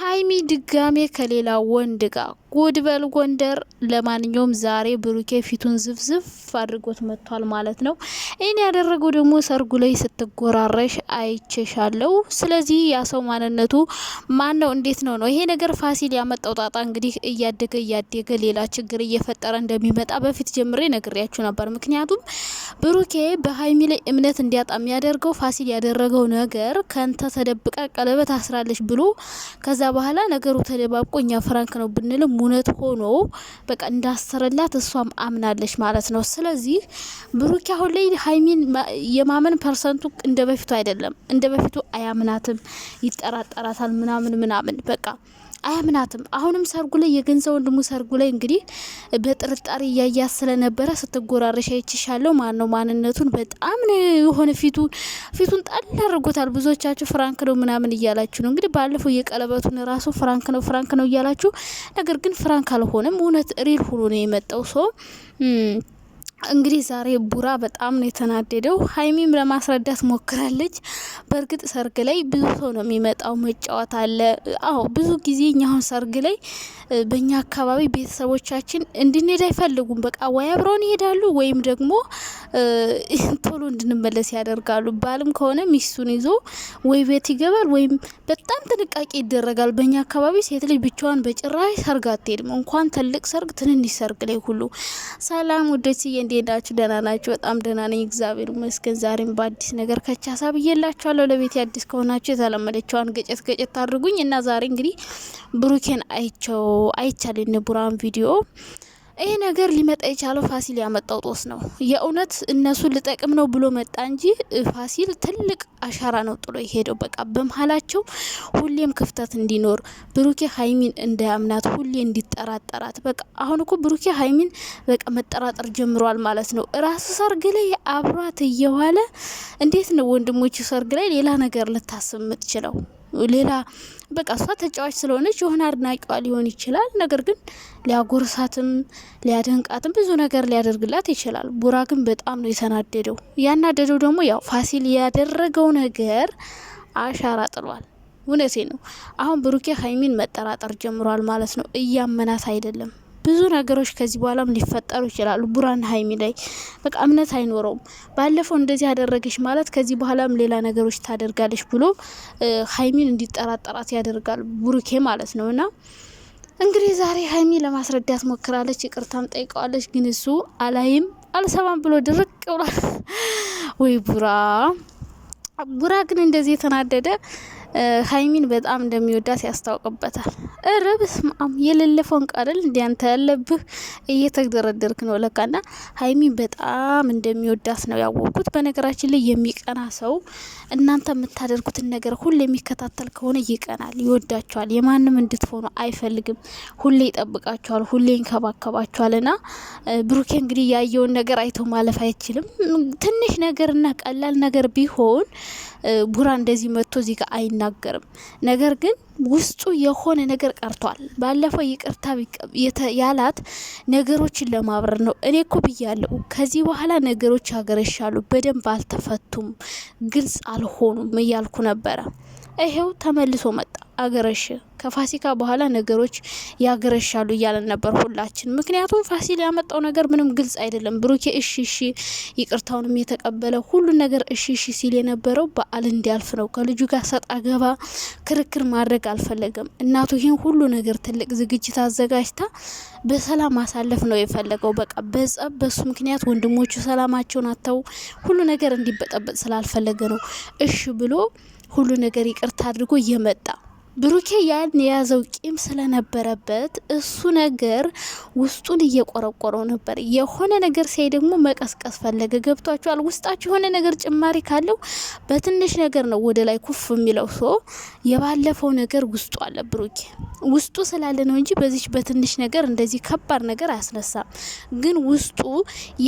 ሀይሚ ድጋሜ ከሌላ ወንድ ጋር ጉድበል ጎንደር። ለማንኛውም ዛሬ ብሩኬ ፊቱን ዝፍዝፍ አድርጎት መጥቷል ማለት ነው። ይህን ያደረገው ደግሞ ሰርጉ ላይ ስትጎራረሽ አይቼሻለሁ። ስለዚህ ያ ሰው ማንነቱ ማን ነው? እንዴት ነው ነው ይሄ ነገር ፋሲል ያመጣው ጣጣ እንግዲህ እያደገ እያደገ ሌላ ችግር እየፈጠረ እንደሚመጣ በፊት ጀምሬ ነግሬያችሁ ነበር። ምክንያቱም ብሩኬ በሀይሚ ላይ እምነት እንዲያጣ የሚያደርገው ፋሲል ያደረገው ነገር ከንተ ተደብቃ ቀለበት አስራለች ብሎ ከዛ በኋላ ነገሩ ተደባብቆ እኛ ፍራንክ ነው ብንልም እውነት ሆኖ በቃ እንዳሰረላት እሷም አምናለች ማለት ነው። ስለዚህ ብሩኪ አሁን ላይ ሀይሚን የማመን ፐርሰንቱ እንደ በፊቱ አይደለም። እንደ በፊቱ አያምናትም፣ ይጠራጠራታል ምናምን ምናምን በቃ አያምናትም። አሁንም ሰርጉ ላይ የገንዘ ወንድሙ ሰርጉ ላይ እንግዲህ በጥርጣሬ እያያት ስለነበረ ስትጎራረሽ አይችሻለሁ ማን ነው ማንነቱን በጣም የሆነ ፊቱ ፊቱን ጣል አድርጎታል። ብዙዎቻችሁ ፍራንክ ነው ምናምን እያላችሁ ነው እንግዲህ ባለፈው የቀለበቱን ራሱ ፍራንክ ነው ፍራንክ ነው እያላችሁ ነገር ግን ፍራንክ አልሆነም። እውነት ሪል ሁሉ ነው የመጣው ሰው እንግዲህ ዛሬ ቡራ በጣም ነው የተናደደው። ሀይሚም ለማስረዳት ሞክራለች። በእርግጥ ሰርግ ላይ ብዙ ሰው ነው የሚመጣው፣ መጫወት አለ። አዎ ብዙ ጊዜ እኛ አሁን ሰርግ ላይ በእኛ አካባቢ ቤተሰቦቻችን እንድንሄድ አይፈልጉም። በቃ ወይ አብረውን ይሄዳሉ ወይም ደግሞ ቶሎ እንድንመለስ ያደርጋሉ። ባልም ከሆነ ሚስቱን ይዞ ወይ ቤት ይገባል ወይም በጣም ጥንቃቄ ይደረጋል። በእኛ አካባቢ ሴት ልጅ ብቻዋን በጭራሽ ሰርግ አትሄድም፣ እንኳን ትልቅ ሰርግ፣ ትንንሽ ሰርግ ላይ ሁሉ። ሰላም ውዶችዬ፣ እንዴት ናችሁ? ደህና ናችሁ? በጣም ደህና ነኝ፣ እግዚአብሔር ይመስገን። ዛሬም በአዲስ ነገር ከቻ ሀሳብ ለቤት አዲስ ከሆናችሁ የተለመደችዋን ገጨት ገጨት አድርጉኝ እና ዛሬ እንግዲህ ብሩኬን አይቸው አይቻል ቡራን ቪዲዮ ይህ ነገር ሊመጣ የቻለው ፋሲል ያመጣው ጦስ ነው። የእውነት እነሱ ልጠቅም ነው ብሎ መጣ እንጂ ፋሲል ትልቅ አሻራ ነው ጥሎ የሄደው። በቃ በመሀላቸው ሁሌም ክፍተት እንዲኖር ብሩኬ ሀይሚን እንዳያምናት ሁሌ እንዲጠራጠራት። በቃ አሁን እኮ ብሩኬ ሀይሚን በቃ መጠራጠር ጀምሯል ማለት ነው። ራሱ ሰርግ ላይ አብሯት እየዋለ እንዴት ነው ወንድሞቹ ሰርግ ላይ ሌላ ነገር ልታስብ የምትችለው? ሌላ በቃ እሷ ተጫዋች ስለሆነች የሆነ አድናቂዋ ሊሆን ይችላል። ነገር ግን ሊያጎርሳትም ሊያደንቃትም ብዙ ነገር ሊያደርግላት ይችላል። ቡራ ግን በጣም ነው የተናደደው። ያናደደው ደግሞ ያው ፋሲል ያደረገው ነገር አሻራ ጥሏል። እውነቴ ነው። አሁን ብሩኬ ሀይሚን መጠራጠር ጀምሯል ማለት ነው። እያመናት አይደለም። ብዙ ነገሮች ከዚህ በኋላም ሊፈጠሩ ይችላሉ። ቡራን ሀይሚ ላይ በቃ እምነት አይኖረውም። ባለፈው እንደዚህ አደረገች ማለት ከዚህ በኋላም ሌላ ነገሮች ታደርጋለች ብሎ ሀይሚን እንዲጠራጠራት ያደርጋል ቡሩኬ ማለት ነው እና እንግዲህ ዛሬ ሀይሚ ለማስረዳት ሞክራለች፣ ይቅርታም ጠይቀዋለች። ግን እሱ አላይም አልሰማም ብሎ ድርቅ ብሏል። ወይ ቡራ ቡራ ግን እንደዚህ የተናደደ ሀይሚን በጣም እንደሚወዳት ያስታውቅበታል። እረ በስመ አብ የሌለ እንዲያንተ ያለብህ እየተደረደርክ ነው ለካና ሀይሚን በጣም እንደሚወዳት ነው ያወቅኩት። በነገራችን ላይ የሚቀና ሰው እናንተ የምታደርጉትን ነገር ሁሌ የሚከታተል ከሆነ ይቀናል፣ ይወዳቸዋል። የማንም እንድትሆኑ አይፈልግም። ሁሌ ይጠብቃቸዋል፣ ሁሌ ይንከባከባቸዋል። ና ብሩኬ እንግዲህ ያየውን ነገር አይቶ ማለፍ አይችልም። ትንሽ ነገርና ቀላል ነገር ቢሆን ቡራ እንደዚህ መጥቶ እዚህ ጋር አይ አይናገርም። ነገር ግን ውስጡ የሆነ ነገር ቀርቷል። ባለፈው ይቅርታ ያላት ነገሮችን ለማብረር ነው። እኔ እኮ ብያለሁ፣ ከዚህ በኋላ ነገሮች ያገረሻሉ፣ በደንብ አልተፈቱም፣ ግልጽ አልሆኑም እያልኩ ነበረ። ይሄው ተመልሶ መጣ። አገረሽ ከፋሲካ በኋላ ነገሮች ያገረሻሉ እያለን ነበር ሁላችን። ምክንያቱም ፋሲል ያመጣው ነገር ምንም ግልጽ አይደለም። ብሩኬ እሺ እሺ ይቅርታውንም የተቀበለ ሁሉን ነገር እሺ እሺ ሲል የነበረው በዓል እንዲያልፍ ነው። ከልጁ ጋር ሰጥ አገባ ክርክር ማድረግ አልፈለገም። እናቱ ይህን ሁሉ ነገር ትልቅ ዝግጅት አዘጋጅታ በሰላም ማሳለፍ ነው የፈለገው። በቃ በጸብ በሱ ምክንያት ወንድሞቹ ሰላማቸውን አተው ሁሉ ነገር እንዲበጠበጥ ስላልፈለገ ነው እሺ ብሎ ሁሉ ነገር ይቅርታ አድርጎ እየመጣ ብሩኬ ያን የያዘው ቂም ስለነበረበት እሱ ነገር ውስጡን እየቆረቆረው ነበር። የሆነ ነገር ሲያይ ደግሞ መቀስቀስ ፈለገ። ገብቷችኋል? ውስጣችሁ የሆነ ነገር ጭማሪ ካለው በትንሽ ነገር ነው ወደ ላይ ኩፍ የሚለው ሰ የባለፈው ነገር ውስጡ አለ ብሩኬ። ውስጡ ስላለ ነው እንጂ በዚች በትንሽ ነገር እንደዚህ ከባድ ነገር አያስነሳም። ግን ውስጡ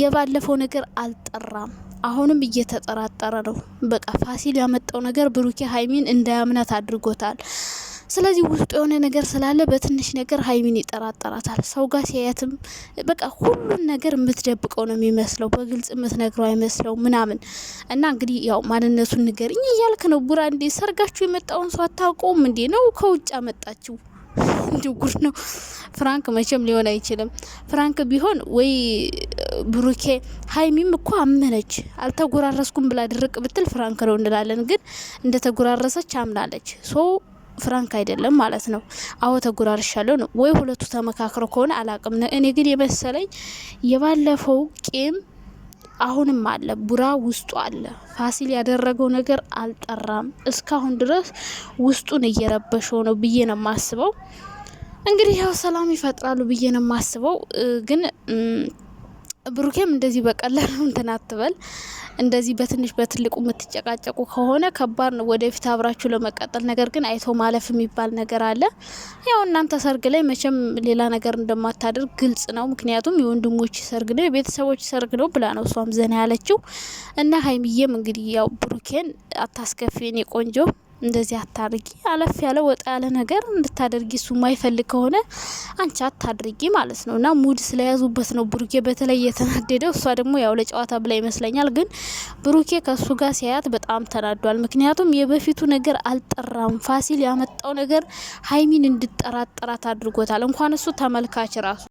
የባለፈው ነገር አልጠራም። አሁንም እየተጠራጠረ ነው። በቃ ፋሲል ያመጣው ነገር ብሩኬ ሀይሚን እንዳያምናት አድርጎታል። ስለዚህ ውስጡ የሆነ ነገር ስላለ በትንሽ ነገር ሀይሚን ይጠራጠራታል። ሰው ጋር ሲያያትም በቃ ሁሉን ነገር የምትደብቀው ነው የሚመስለው፣ በግልጽ የምትነግረው አይመስለው ምናምን እና እንግዲህ ያው ማንነቱን ንገርኝ እያልክ ነው ቡራ። እንዴ ሰርጋችሁ የመጣውን ሰው አታውቀውም እንዴ? ነው ከውጭ አመጣችሁ እንዲሁ ጉድ ነው። ፍራንክ መቼም ሊሆን አይችልም። ፍራንክ ቢሆን ወይ ብሩኬ ሀይሚም እኮ አመነች። አልተጎራረስኩም ብላ ድርቅ ብትል ፍራንክ ነው እንላለን፣ ግን እንደተጎራረሰች አምናለች። ሶ ፍራንክ አይደለም ማለት ነው። አዎ ተጎራርሻለሁ ነው ወይ ሁለቱ ተመካክረው ከሆነ አላቅም። እኔ ግን የመሰለኝ የባለፈው ቂም አሁንም አለ፣ ቡራ ውስጡ አለ። ፋሲል ያደረገው ነገር አልጠራም እስካሁን ድረስ ውስጡን እየረበሸው ነው ብዬ ነው የማስበው። እንግዲህ ያው ሰላም ይፈጥራሉ ብዬ ነው የማስበው። ግን ብሩኬም እንደዚህ በቀላሉ እንትን አትበል። እንደዚህ በትንሽ በትልቁ የምትጨቃጨቁ ከሆነ ከባድ ነው ወደፊት አብራችሁ ለመቀጠል። ነገር ግን አይቶ ማለፍ የሚባል ነገር አለ። ያው እናንተ ሰርግ ላይ መቼም ሌላ ነገር እንደማታደርግ ግልጽ ነው። ምክንያቱም የወንድሞች ሰርግ ነው፣ የቤተሰቦች ሰርግ ነው ብላ ነው እሷም ዘና ያለችው እና ሀይሚዬም እንግዲህ ያው ብሩኬን አታስከፊን የቆንጆ እንደዚህ አታድርጊ፣ አለፍ ያለ ወጣ ያለ ነገር እንድታደርጊ እሱ ማይፈልግ ከሆነ አንቺ አታድርጊ ማለት ነው። እና ሙድ ስለያዙበት ነው ብሩኬ በተለይ የተናደደው። እሷ ደግሞ ያው ለጨዋታ ብላ ይመስለኛል። ግን ብሩኬ ከእሱ ጋር ሲያያት በጣም ተናዷል። ምክንያቱም የበፊቱ ነገር አልጠራም። ፋሲል ያመጣው ነገር ሀይሚን እንድጠራጠራት አድርጎታል። እንኳን እሱ ተመልካች ራሱ